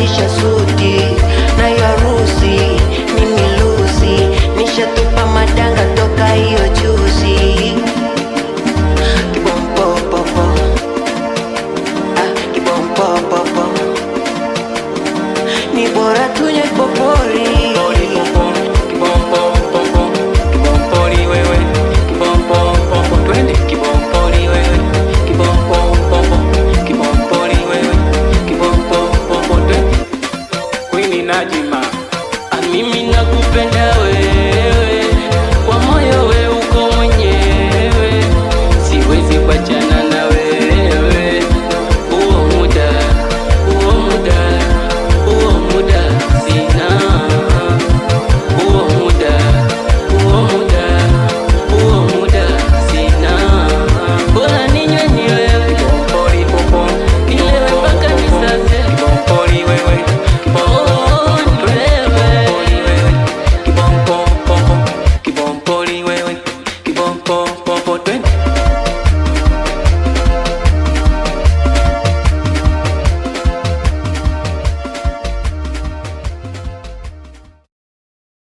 nimevalisha suti na yarusi ni milusi, nishatupa madanga toka hiyo juzi. Kibompopopo ah, kibompopopo ni bora tunye popori daima, mimi nakupenda wewe